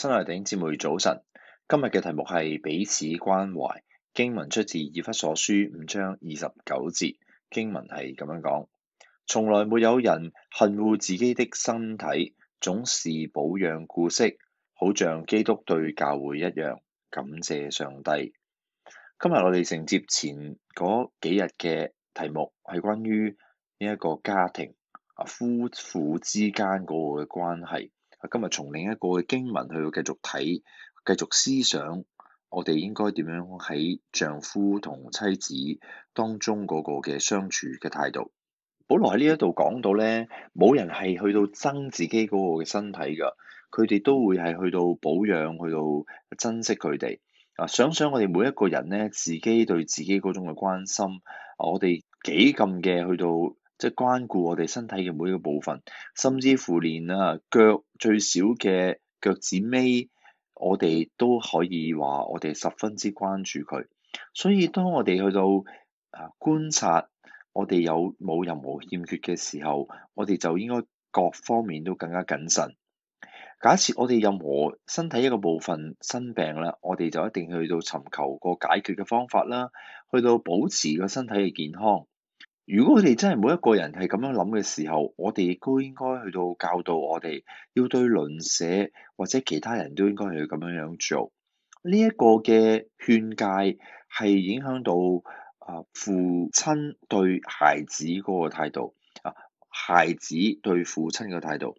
親愛弟兄姊妹早晨，今日嘅題目係彼此關懷，經文出自以弗所書五章二十九節，經文係咁樣講，從來沒有人恨惡自己的身體，總是保養顧惜，好像基督對教會一樣，感謝上帝。今日我哋承接前嗰幾日嘅題目，係關於呢一個家庭啊夫婦之間嗰個嘅關係。今日從另一個經文去繼續睇，繼續思想我哋應該點樣喺丈夫同妻子當中嗰個嘅相處嘅態度。保羅喺呢一度講到咧，冇人係去到憎自己嗰個嘅身體㗎，佢哋都會係去到保養，去到珍惜佢哋。啊，想想我哋每一個人咧，自己對自己嗰種嘅關心，我哋幾咁嘅去到。即係關顧我哋身體嘅每一個部分，甚至乎連啊腳最小嘅腳趾尾，我哋都可以話我哋十分之關注佢。所以當我哋去到啊觀察我哋有冇任何欠缺嘅時候，我哋就應該各方面都更加謹慎。假設我哋任何身體一個部分生病啦，我哋就一定去到尋求個解決嘅方法啦，去到保持個身體嘅健康。如果佢哋真係每一個人係咁樣諗嘅時候，我哋亦都應該去到教導我哋，要對鄰舍或者其他人都應該去咁樣樣做。呢一個嘅勸戒係影響到啊父親對孩子嗰個態度啊，孩子對父親嘅態度，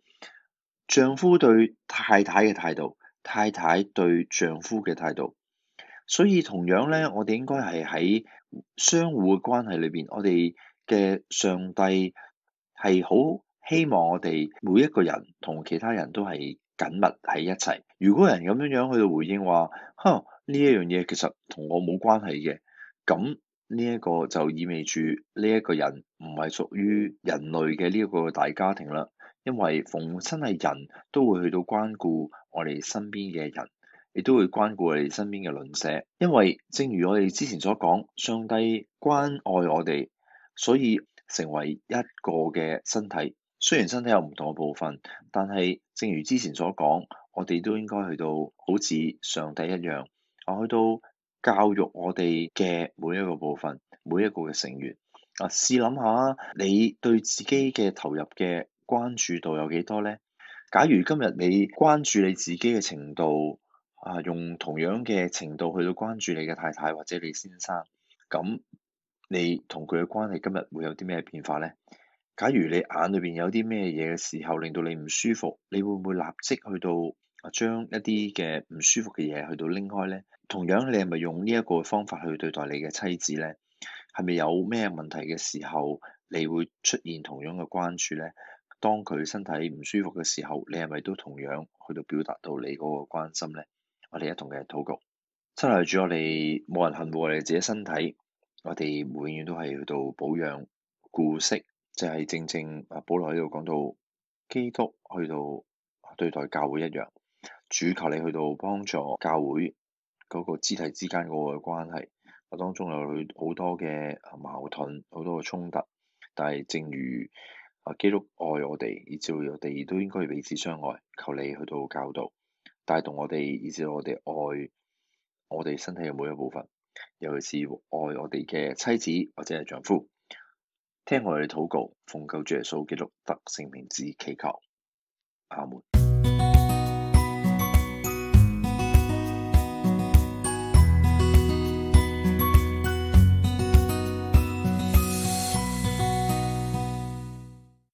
丈夫對太太嘅態度，太太對丈夫嘅態度。所以同樣咧，我哋應該係喺相互嘅關係裏邊，我哋。嘅上帝係好希望我哋每一個人同其他人都係緊密喺一齊。如果人咁樣樣去到回應話，呵，呢一樣嘢其實同我冇關係嘅，咁呢一個就意味住呢一個人唔係屬於人類嘅呢一個大家庭啦。因為逢親係人都會去到關顧我哋身邊嘅人，亦都會關顧我哋身邊嘅鄰舍。因為正如我哋之前所講，上帝關愛我哋。所以成為一個嘅身體，雖然身體有唔同嘅部分，但係正如之前所講，我哋都應該去到好似上帝一樣，啊去到教育我哋嘅每一個部分、每一個嘅成員。啊，試諗下，你對自己嘅投入嘅關注度有幾多呢？假如今日你關注你自己嘅程度，啊用同樣嘅程度去到關注你嘅太太或者你先生，咁。你同佢嘅關係今日會有啲咩變化咧？假如你眼裏邊有啲咩嘢嘅時候，令到你唔舒服，你會唔會立即去到啊將一啲嘅唔舒服嘅嘢去到拎開咧？同樣你係咪用呢一個方法去對待你嘅妻子咧？係咪有咩問題嘅時候，你會出現同樣嘅關注咧？當佢身體唔舒服嘅時候，你係咪都同樣去到表達到你嗰個關心咧？我哋一同嘅禱告，真係主我哋冇人恨惡，我哋自己身體。我哋永遠都係去到保養顧惜，就係正正啊保羅喺度講到基督去到對待教會一樣。主求你去到幫助教會嗰個肢體之間個關係，我當中有好多嘅矛盾，好多嘅衝突，但係正如啊基督愛我哋，以至我哋都應該彼此相愛，求你去到教導帶動我哋，以至我哋愛我哋身體嘅每一部分。尤其是愛我哋嘅妻子或者丈夫，聽我哋禱告，奉救主耶穌基督得聖名之祈求，阿門。